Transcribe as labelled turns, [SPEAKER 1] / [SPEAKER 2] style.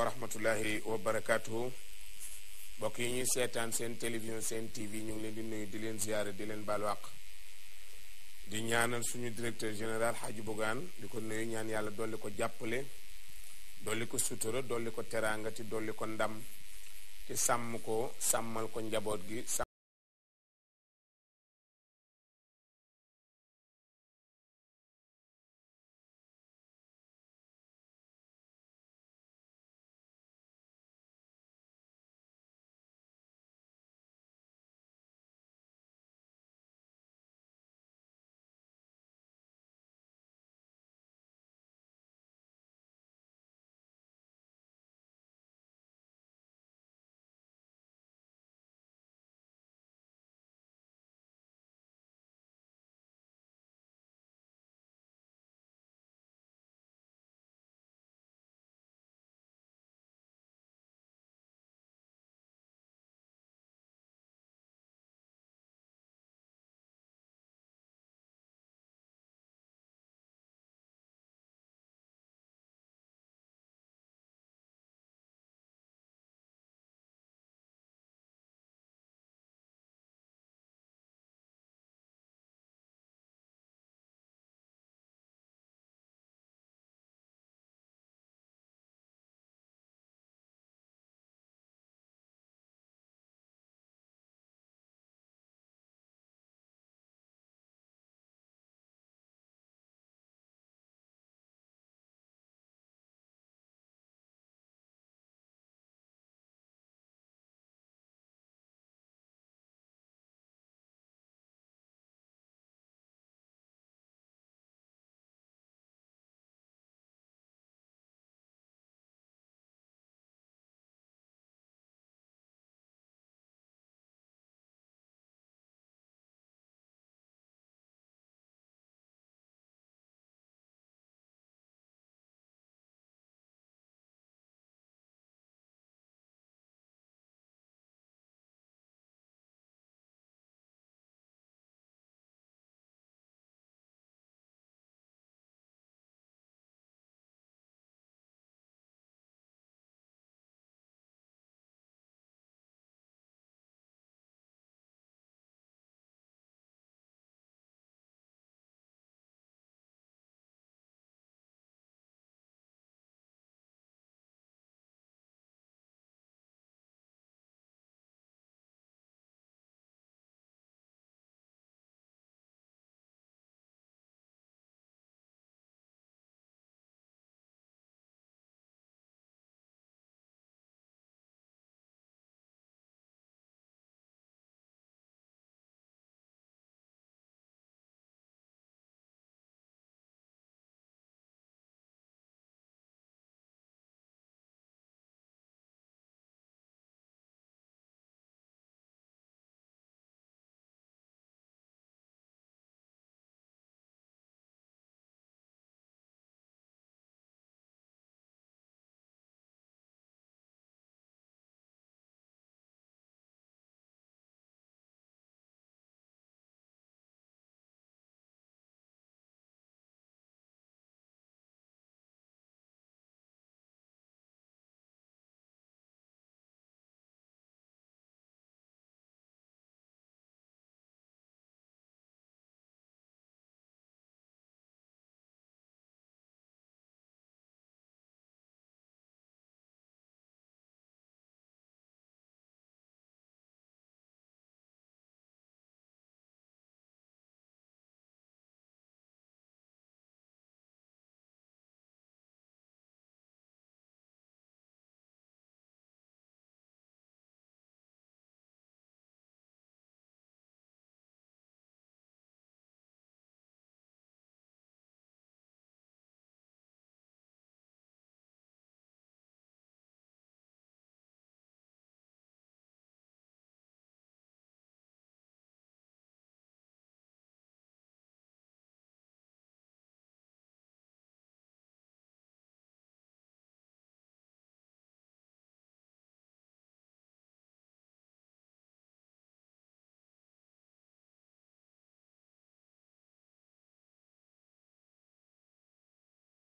[SPEAKER 1] wa rahmatullahi wa barakaatuhu mbokk yi ñuy seetaan seen télévision seen TV ñu ngi leen di nuyu di leen ziyaare di leen baal di ñaanal suñu directeur général Hadji Bougane di ko nuyu ñaan yàlla dolli ko jàppale dolli ko sutura dolli ko teraanga te dolli ko ndam te sàmm ko sàmmal ko njaboot
[SPEAKER 2] gi